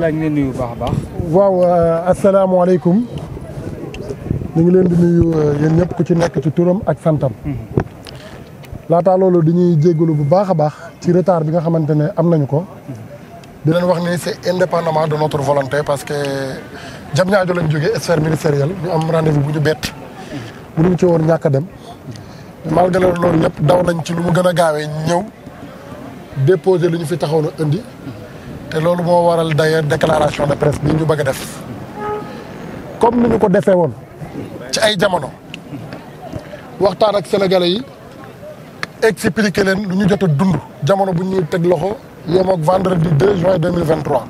laa ngi leen nuyu baax waaw euh, asalaamaaleykum ñu ngi leen di nuyu euh, yéen ñëpp ku ci nekk ci turam ak santam. Mhm. laataa loolu dañuy jéggalu bu baax a baax ci retard bi nga xamante ne am nañu ko. Mhm. di neen wax ni c'est indépendamment de notre volonté parce que jam ñaajo lañ jógee sphère ministérielle ñu am rendez-vous bu ñu bett. Mhm. mënuñu ci woon ñàkk a dem. malgré loolu lépp daw nañ ci lu mu gën a gaawee ñëw déposer lu ñu fi taxaw na indi. te loolu moo waral d'ailleurs déclaration de presse bi ñu bëgga a def comme ni ñu ko defee woon ci ay jamono waxtaan ak sénégalais yi expliquer leen lu ñu jot a dund jamono bu ñuy teg loxo yem ak vendredi 2 juin 2023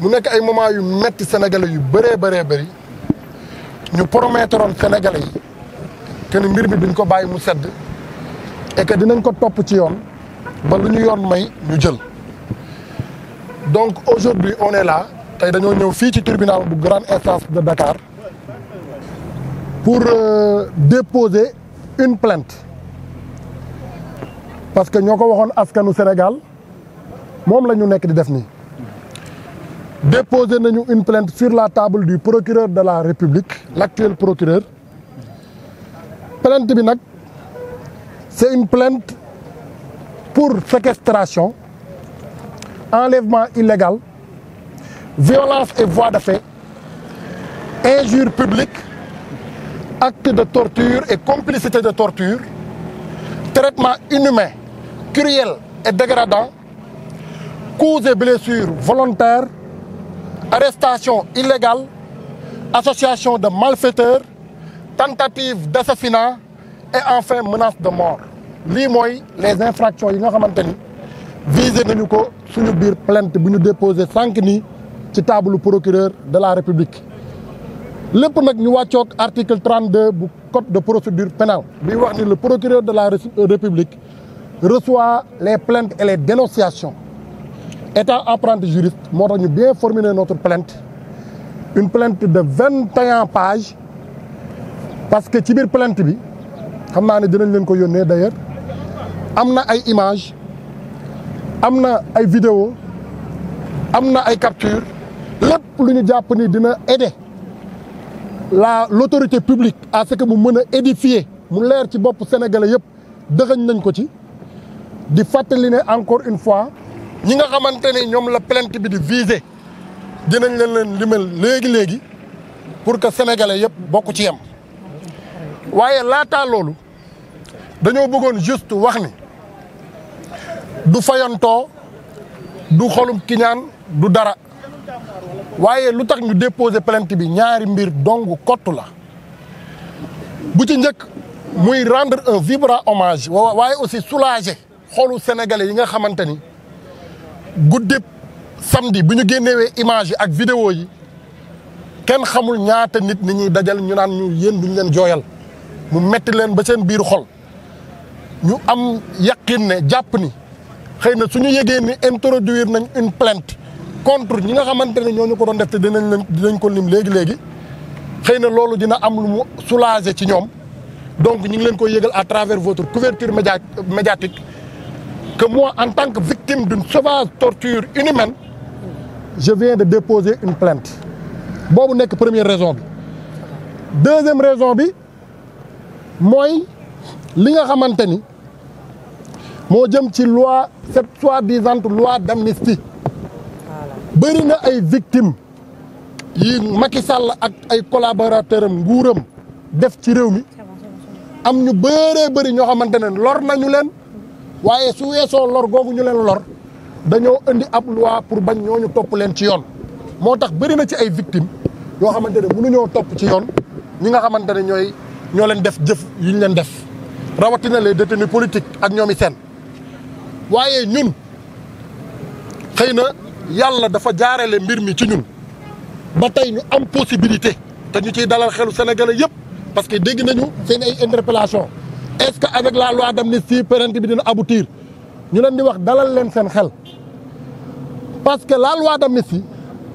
mu nekk ay moment yu metti sénégalais yu bëree bëree bëri ñu prometteroon sénégalais yi que mbir mi duñ ko bàyyi mu sedd et dinañ ko topp ci yoon. ba lu ñu yoon may ñu jël donc aujourd'hui on est là tey dañoo ñëw fii ci tribunal bu grande instance de Dakar pour euh, déposer une plainte parce que ñoo ko waxoon askanu Sénégal moom la ñu nekk di def nii déposer nañu une plainte sur la table du procureur de la République l'actuel procureur plainte bi nag c'est une plainte pour séquestration enlèvement illégal violence et voies de fait injure publique acte de torture et complicité de torture traitement inhumain cruel et dégradant coups et blessures volontaires arrestation illégale association de malfaiteurs tentative d'assassinat et enfin menace de mort lii mooy les infractions yi nga xamante ni visé nañu ko suñu biir plainte bu ñu déposé sànq ni ci table procureur de la république lépp nag ñu wàccoog article 32 bu code de procédure pénale bi wax ni le procureur de la république reçoit les plaintes et les dénonciations étant apprenti juriste moo tax ñu bien formuler notre plainte une plainte de vingt et un parce que ci biir plainte bi xam naa ne dinañ leen ko yónnee d'ailleurs am na ay image am na ay vidéo am na ay capture lépp lu ñu jàpp ni dina aider la l' autorité publique à ce que mu mën a édifier mu leer ci bopp sénégalais yëpp dëxëñ nañ ko ci di fàttali ne encore une fois ñi nga xamante ne ñoom la plainte bi di viser dinañ leen leen limal léegi-léegi pour que sénégalais yëpp bokk ci yem waaye laataa loolu dañoo bëggoon juste wax ni du fayantoo du xolum kiñaan du dara waaye lu tax ñu déposé plainte bi ñaari mbir dong kott la bu ci njëkk muy rendre un vibrant hommage waaye aussi soulager xolu sénégalais yi nga xamante ni guddib samedi bi ñu génnewee image ak vidéo yi kenn xamul ñaata nit ni ñuy dajal ñu naan ñu yéen duñ leen jooyal mu metti leen ba seen biir xol ñu am yaqin ne jàpp ni xëy na su ñu yëgee ni introduire nañ une plainte contre ñi nga xamante ne ñoo ñu ko doon def te dinañ leen dinañ ko lim léegi léegi xëy na loolu dina am lu mu soulager ci ñoom donc ñu ngi leen koy yégal à travers votre couverture média médiatique que moi en tant que victime d'une sauvage torture inhumaine je viens de déposer une plainte boobu nekk premier raison bi deuxième raison bi mooy li nga xamante ni. moo jëm ci loi cette soi-disant loi d'amnistie bëri na ay victimes yi Macky Sall ak ay collaborateurs am nguuram def ci réew mi am ñu bëree bëri ñoo xamante ne lor nañu leen waaye su weesoo lor googu ñu leen lor dañoo indi ab loi pour bañ ñooñu topp leen ci yoon moo tax bëri na ci ay victimes yoo xamante ne mënuñoo topp ci yoon ñi nga xamante ne ñooy ñoo leen def jëf yi ñu leen def rawatina les détenus politiques ak ñoom i seen waaye ñun xëy na yàlla dafa jaarale mbir mi ci ñun ba tey ñu am possibilité te ñu ciy dalal xelu sénégalais yëpp parce que dégg nañu seen ay interpellation est-ce que avec la loi d'amnistie plainte bi dina aboutir ñu leen di wax dalal leen seen xel parce que la loi d'amnistie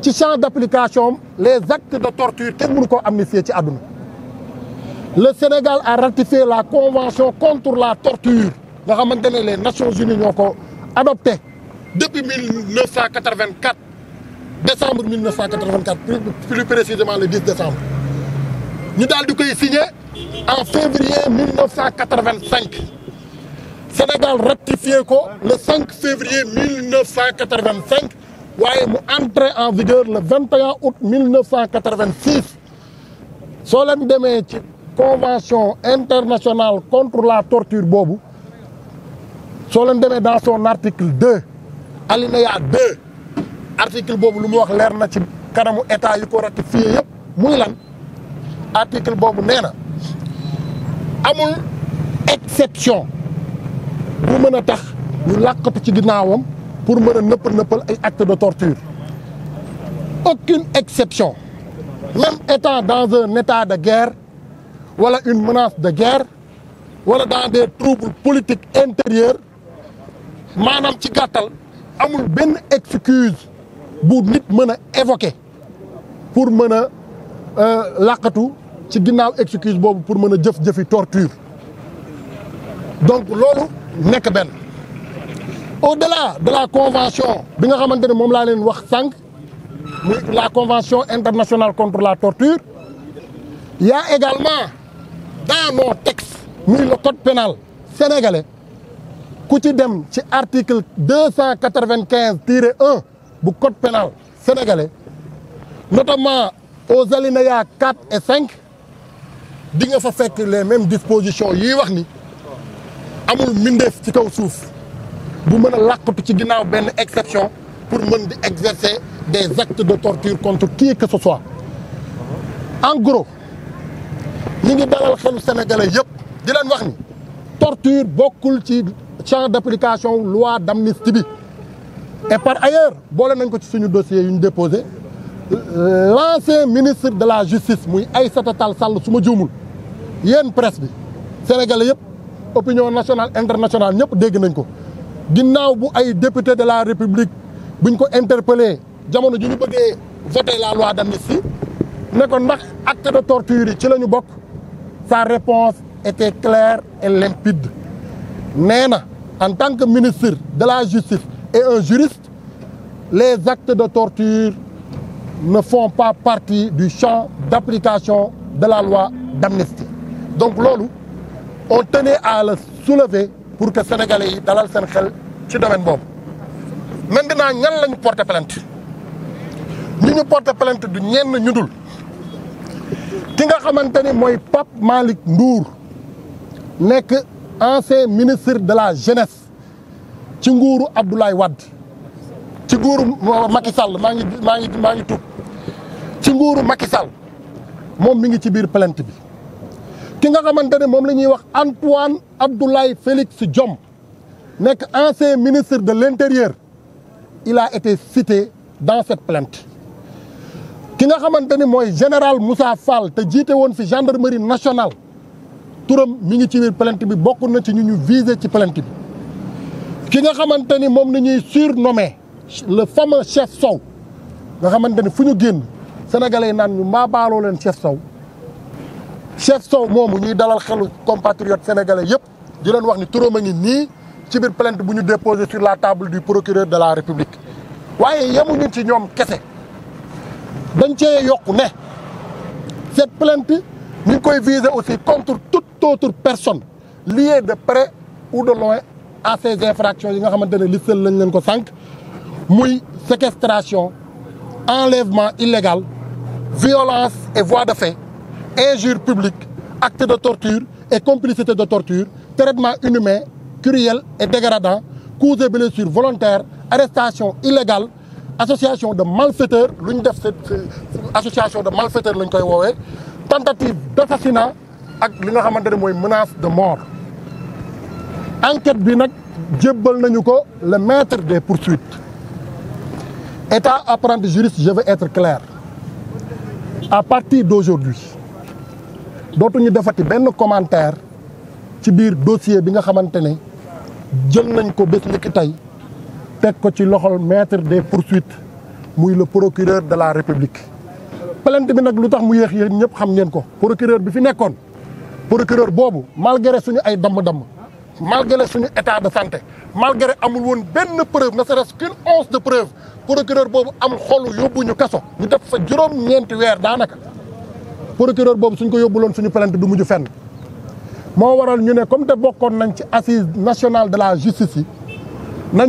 ci champ d'application les actes de torture kenn ko am amnistier ci àdduna le Sénégal a ratifié la convention contre la torture nga xamante ne les Nations Unies ñoo ko adopté depuis mille neuf cent quatre-vingt-quatre décembre mille neuf cent quatre-vingt-quatre plus le décembre ñu daal di koy signé en février mille neuf cent quatre-vingt-cinq Sénégal ratifié ko le février waaye mu entré en vigueur le 21 août 1986 soo leen demee ci convention internationale contre la torture boobu soo leen demee dans son article deux alinéa deux article boobu lu mu wax leer na ci kanamu état yu ko fii yëpp muy lan article boobu nee na amul exception bu mën a tax ñu làqatu ci ginnaawam pour mën a nëppal nëppal ay acte de torture aucune exception même étant dans un état de guerre wala une menace de guerre wala dans des troubles politique intérieurs maanaam ci gàttal amul benn excuse bu nit mën a évoquer pour mën a euh, làqatu ci ginnaaw excuse boobu pour mën a jëf-jëfi torture donc loolu nekk benn au-delà de la convention bi nga xamante ne moom laa leen wax sànq muy la convention international contre la torture il également dans nos textes muy le pénal sénégalais ku ci dem ci article deux cent quatre vingt quinze tiré un bu code pénal sénégalais notamment aux alinéas quatre et cinq di nga fa fekk les mêmes dispositions yii wax ni amul mbindeef ci kaw suuf bu mën a làqatu ci ginnaaw benn exception pour mën di exercer des actes de torture contre qui que ce soit en gros ñi ngi dalal xelu sénégalais yëpp di leen wax ni torture bokkul ci champ d'application loi d'amnistie bi et par ailleurs boole nañ ko ci suñu dossier yu ñu déposé l'ancien ministre de la justice muy Aïssata Tall Sall su ma juumul yéen presse bi sénégalais yëpp opinion nationale internationale ñëpp dégg nañ ko ginnaaw bu ay député de la république buñ ko interpellé jamono ju ñu bëggee voter la loi d'amnistie ne ko ndax acte de torture yi ci la ñu bokk sa réponse était claire et limpide nee na en tant que ministre de la justice et un juriste les actes de torture ne font pas partie du champ d'application de la loi d'amnistie donc loolu on tenait à la soulever pour que sénégalais yi dalal seen xel ci domaine boobu maintenant ñan lañu porter plainte ñu ñu porter plainte du ñenn ñu dul ki nga xamante ni mooy Pape Malick Ndour nekk ancien ministre de la jeunesse ci nguuru Abdoulaye wadd ci nguuru Macky Sall maa ngi maa ngi maa ngi tuub ci nguuru Macky Sall moom mi ngi ci biir plainte bi ki nga xamante ne moom la ñuy wax Antoine Abdoulaye Félix Diome nekk ancien ministre de l'intérieur il a été cité dans cette plainte ki nga xamante ni mooy général Moussa Fall te jiite woon fi gendarmerie nationale turam mi ngi ci biir plainte bi bokk na ci ñu ñu visé ci plainte bi ki nga xamante ni moom la ñuy surnommé le fameux chef Sow nga xamante ni fu ñu génn sénégalais yi naan ñu maa baaloo leen chef Sow chef Sow moomu ñuy dalal xelu compatriotes sénégalais yëpp di leen wax ni turam a ngi nii ci biir plainte bu ñu déposé sur la table du procureur de la république waaye yemuñu ci ñoom kese dañ cee yokku ne cette plainte ñu ngi koy viser aussi contre toute autre personne liée de près ou de loin à ces infractions yi nga xamante ne li sel lañ leen ko sànq muy séquestration enlèvement illégal violence et voie de fait injure publique acte de torture et complicité de torture traitement inhumain cruel et dégradant coups et blessures volontaires arrestation illégale association de malfaiteurs lu ñu def association de malfaiteurs ñu koy woowee tentative d'assassinat ak li nga xamante ne mooy menace de mort enquête bi nag jébbal nañu ko le maitre des poursuites état apprenti juriste je veux être claire à partir d'aujourd'hui dootuñu defati benn commentaire ci biir dossier bi nga xamante ne jël nañ ko bés ni tey teg ko ci loxol maître des poursuites muy le procureur de la république plainte bi nag lu tax mu yéex yéen ñëpp xam neen ko procureur bi fi nekkoon procureur boobu malgré suñu ay damm-damm malgré suñu état de santé malgré amul woon benn preuve ne serait-ce qu'une once de preuve procureur boobu am xolu yóbbu ñu kaso ñu def fa juróom-ñeenti weer daanaka procureur boobu suñ ko yóbbuloon suñu plainte du mujj fenn moo waral ñu ne comme te bokkoon nañ ci assise nationale de la justice yi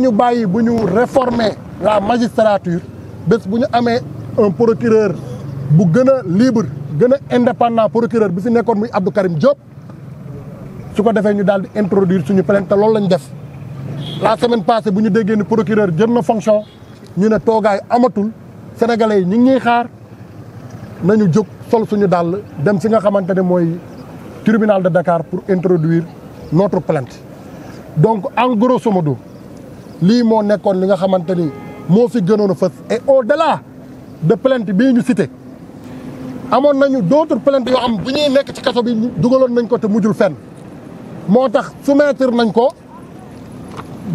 ñu bàyyi bu ñu réformer la magistrature bés bu ñu amee un procureur bu gën a libre gën a indépendant procureur bi si nekkoon muy Abdou Karim Diop su ko defee ñu daal di introduire suñu plainte te loolu lañ def la semaine passée bu ñu déggee ni procureur jën na fonction ñu ne toogaay amatul sénégalais yi ñu ngi ñuy xaar nañu jóg sol suñu dàll dem si nga xamante ne mooy tribunal de Dakar pour introduire notre plainte donc en grosso lii moo nekkoon li nga xamante ni moo si gënoon a fës et au delà de plainte bii ñu cité amoon nañu d' autres plaintes yoo am bu ñuy nekk ci kaso bi dugaloon nañ ko te mujjul fenn moo tax soumettre nañ ko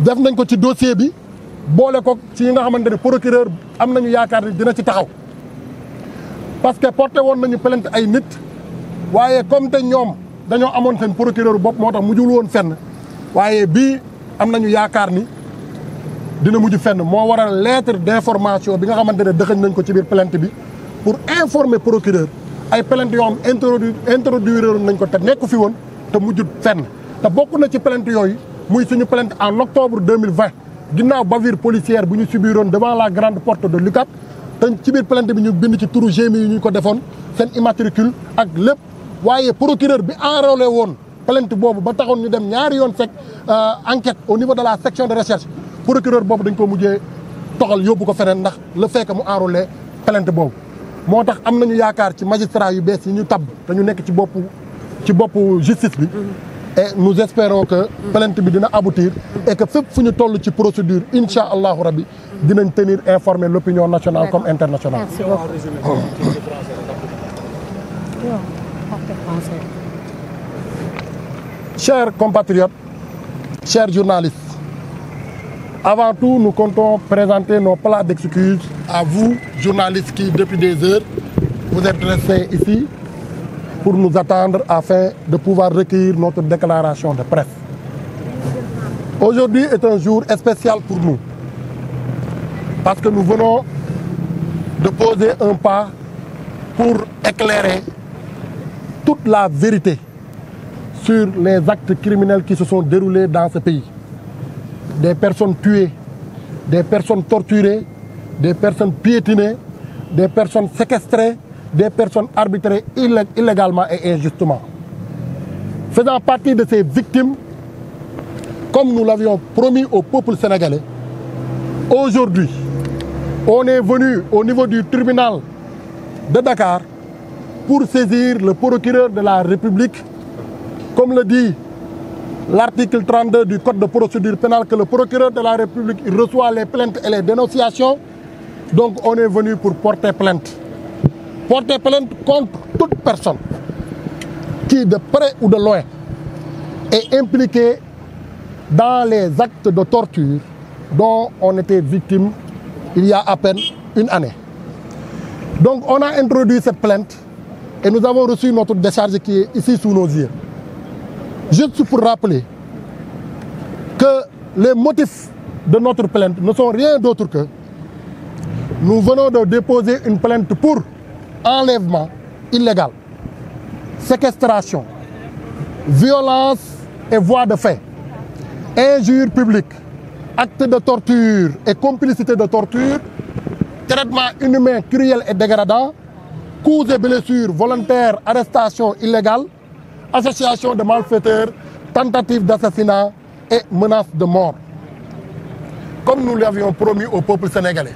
def nañ ko ci dossier bi boole ko ci yi nga xamante ne procureur am nañu yaakaar ni dina ci taxaw parce que porté woon nañu plainte ay nit waaye comme te ñoom dañoo amoon seen procureur bopp moo tax mujjul woon fenn waaye bii am nañu yaakaar ni dina mujj fenn moo waral lettre d' information bi nga xamante ne dëxëñ nañ ko ci biir plainte bi pour informer procureur ay pelent yoo xam introduire introduire nañ ko te nekk fi woon te mujjut fenn te bokk na ci plainte yooyu muy suñu plainte en octobre 2020 ginnaaw bavure policière bu ñu subiroon devant la grande porte de l'UCAD ci biir plainte bi ñu bind ci turu GMI ñu ko defoon seen immatricule ak lépp waaye procureur bi enrôlé woon plainte boobu ba taxoon ñu dem ñaari yoon sec euh, enquête au niveau de la section de recherche procureur boobu dañ ko mujjee toxal yóbbu ko feneen ndax le fait mu enrôlé plainte boobu moo tax am nañu yaakaar ci magistrat yu bees yi ñu tabb te ñu nekk ci bopp ci boppu justice bi et nous espérons que plainte bi dina aboutir et que fépp fu ñu toll ci procédure insha allahu rabbi dinañ tenir informer l'opinion nationale comme internationale oh. chers compatriotes chers journalistes avant tout nu comptons présenter nos plats d'excuses à vous, journalistes qui, depuis des heures, vous êtes restés ici pour nous attendre afin de pouvoir recueillir notre déclaration de presse. Aujourd'hui est un jour spécial pour nous, parce que nous venons de poser un pas pour éclairer toute la vérité sur les actes criminels qui se sont déroulés dans ce pays. Des personnes tuées, des personnes torturées, des personnes piétinées, des personnes séquestrées, des personnes arbitrées illégalement et injustement. Faisant partie de ces victimes, comme nous l'avions promis au peuple sénégalais, aujourd'hui, on est venu au niveau du tribunal de Dakar pour saisir le procureur de la République, comme le dit l'article 32 du Code de procédure pénale, que le procureur de la République les plaintes et Donc on est venu pour porter plainte. Porter plainte contre toute personne qui, de près ou de loin, est impliquée dans les actes de torture dont on était victime il y a à peine une année. Donc on a introduit cette plainte et nous avons reçu notre décharge qui est ici sous nos yeux. Juste pour rappeler que les motifs de notre plainte ne sont rien d'autre que nous venons de déposer une plainte pour enlèvement illégal, séquestration, violence et voie de fait, injure publique, acte de torture et complicité de torture, traitement inhumain, cruel et dégradant, coups et blessures volontaires, arrestation illégale, association de malfaiteurs, tentative d'assassinat et menace de mort. Comme nous l'avions promis au peuple sénégalais,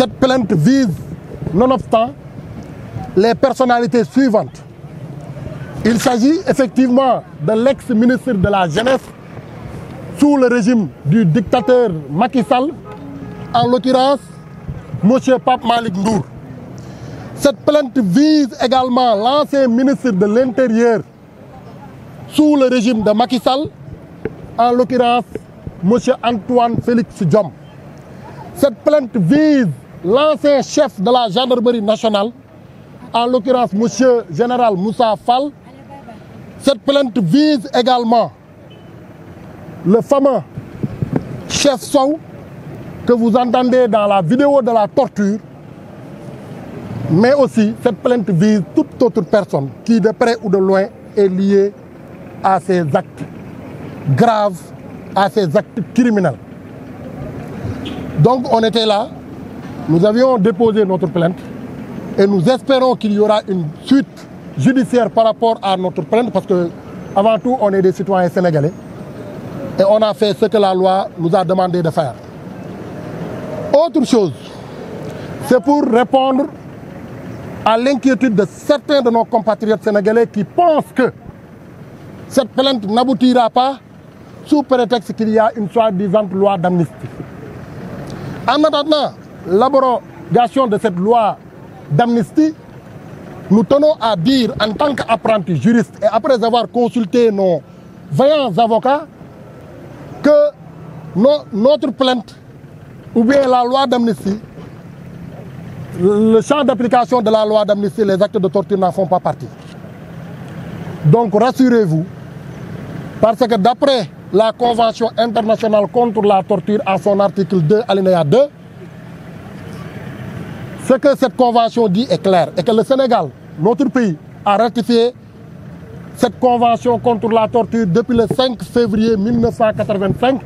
Cette plainte vise, nonobstant, les personnalités suivantes. Il s'agit effectivement de l'ex-ministre de la Jeunesse sous le régime du dictateur Macky Sall, en l'occurrence monsieur Pape Malik Ndour. Cette plainte vise également l'ancien ministre de l'Intérieur sous le régime de Macky Sall, en l'occurrence M. Antoine Félix Diom. Cette plainte vise l'ancien chef de la gendarmerie nationale, en l'occurrence monsieur général Moussa Fall. Cette plainte vise également le fameux chef Sow que vous entendez dans la vidéo de la torture, mais aussi cette plainte vise toute autre personne qui de près ou de loin est liée à ces actes graves, à ces actes criminels. Donc on était là Nous avions déposé notre plainte et nous espérons qu'il y aura une suite judiciaire par rapport à notre plainte parce que avant tout, on est des citoyens sénégalais et on a fait ce que la loi nous a demandé de faire. Autre chose, c'est pour répondre à l'inquiétude de certains de nos compatriotes sénégalais qui pensent que cette plainte n'aboutira pas sous prétexte qu'il y a une soi-disant loi d'amnistie. En attendant, l'abrogation de cette loi d'amnistie, nous tenons à dire en tant que qu'apprentis juristes et après avoir consulté nos vaillants avocats que no notre plainte ou bien la loi d'amnistie, le champ d'application de la loi d'amnistie, les actes de torture n'en font pas partie. Donc rassurez-vous, parce que d'après la Convention internationale contre la torture à son article 2, alinéa 2, Ce que cette convention dit est clair et que le Sénégal, notre pays, a ratifié cette convention contre la torture le 5 février 1985.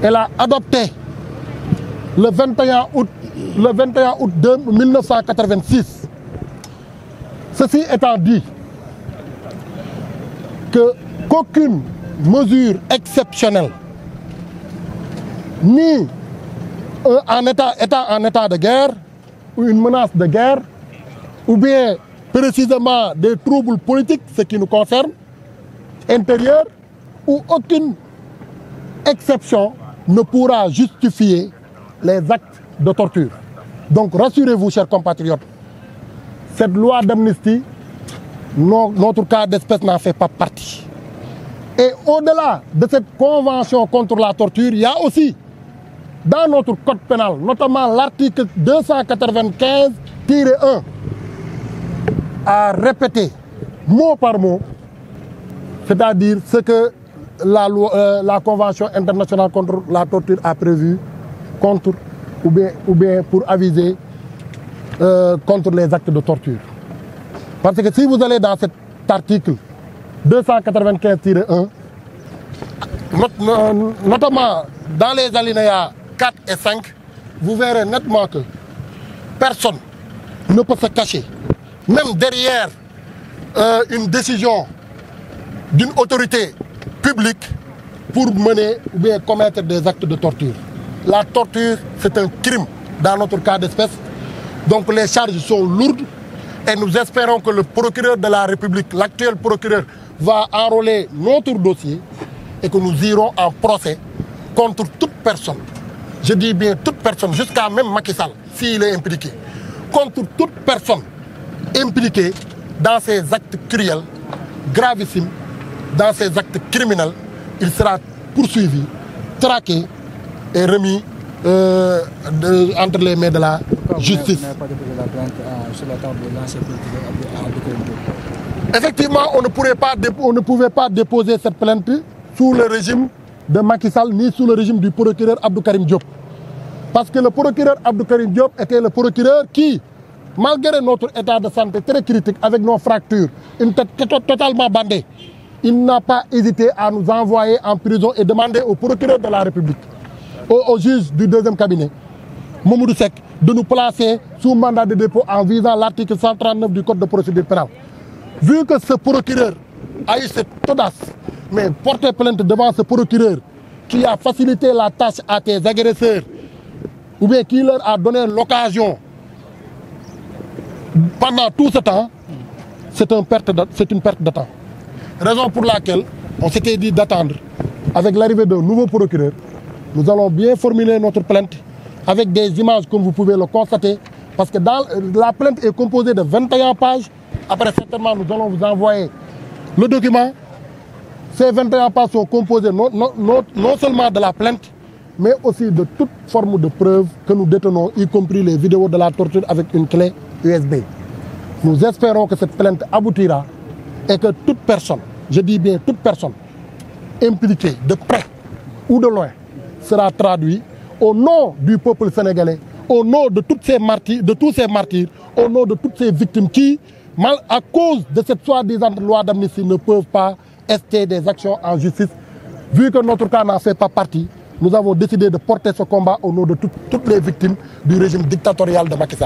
Elle a adopté le 21 août, le 21 août 1986. Ceci étant dit, que qu'aucune mesure exceptionnelle, ni état, en état de guerre, ou une menace de guerre, ou bien précisément des troubles politiques, ce qui nous concerne, intérieurs, où aucune exception ne pourra justifier les actes de torture. Donc rassurez-vous, chers compatriotes, cette loi d'amnistie, notre cas d'espèce n'en fait pas partie. Et au-delà de cette convention contre la torture, il y a aussi dans notre code pénal, notamment l'article 295-1, à répéter mot par mot, c'est-à-dire ce que la, loi, euh, la Convention internationale contre la torture a prévu contre, ou, bien, ou bien pour aviser euh, contre les actes de torture. Parce que si vous allez dans cet article 295-1, euh, notamment dans les alinéas 4 et 5, vous verrez nettement que personne ne peut se cacher, même derrière euh, une décision d'une autorité publique pour mener ou bien commettre des actes de torture. La torture, c'est un crime dans notre cas d'espèce. Donc les charges sont lourdes et nous espérons que le procureur de la République, l'actuel procureur, va enrôler notre dossier et que nous irons en procès contre toute personne je dis bien toute personne jusqu'à même Macky Sall s'il est impliqué contre toute personne impliquée dans ces actes cruels gravissimes dans ces actes criminels il sera poursuivi traqué et remis euh, de, entre les mains de la Pourquoi justice euh, euh, effectivement on ne pourrait pas on ne pouvait pas déposer cette plainte sous le régime de Macky Sall ni sous le régime du procureur Abdou Karim Diop Parce que le procureur Abdou Karim Diop était le procureur qui, malgré notre état de santé très critique avec nos fractures, une tête totalement bandée, il n'a pas hésité à nous envoyer en prison et demander au procureur de la République, au, au juge du deuxième cabinet, Moumoudou Sek, de nous placer sous mandat de dépôt en visant l'article 139 du Code de procédure pénale. Vu que ce procureur a eu cette mais porter plainte devant ce procureur qui a facilité la tâche à tes ou bien qui leur a donné l'occasion pendant tout ce temps, c'est une perte de temps. Raison pour laquelle on s'était dit d'attendre. Avec l'arrivée d'un nouveau procureur, nous allons bien formuler notre plainte avec des images comme vous pouvez le constater. Parce que dans, la plainte est composée de 21 pages. Après, certainement, nous allons vous envoyer le document. Ces 21 pages sont composées non, non, non seulement de la plainte, mais aussi de toute forme de preuve que nous détenons, y compris les vidéos de la torture avec une clé USB. Nous espérons que cette plainte aboutira et que toute personne, je dis bien toute personne, impliquée de près ou de loin, sera traduite au nom du peuple sénégalais, au nom de, toutes ces martyrs, de tous ces martyrs, au nom de toutes ces victimes qui, mal à cause de cette soi-disant loi d'amnistie, ne peuvent pas ester des actions en justice, vu que notre cas n'en fait pas nous avons décidé de porter ce combat au nom de toutes les victimes du régime dictatorial de Macky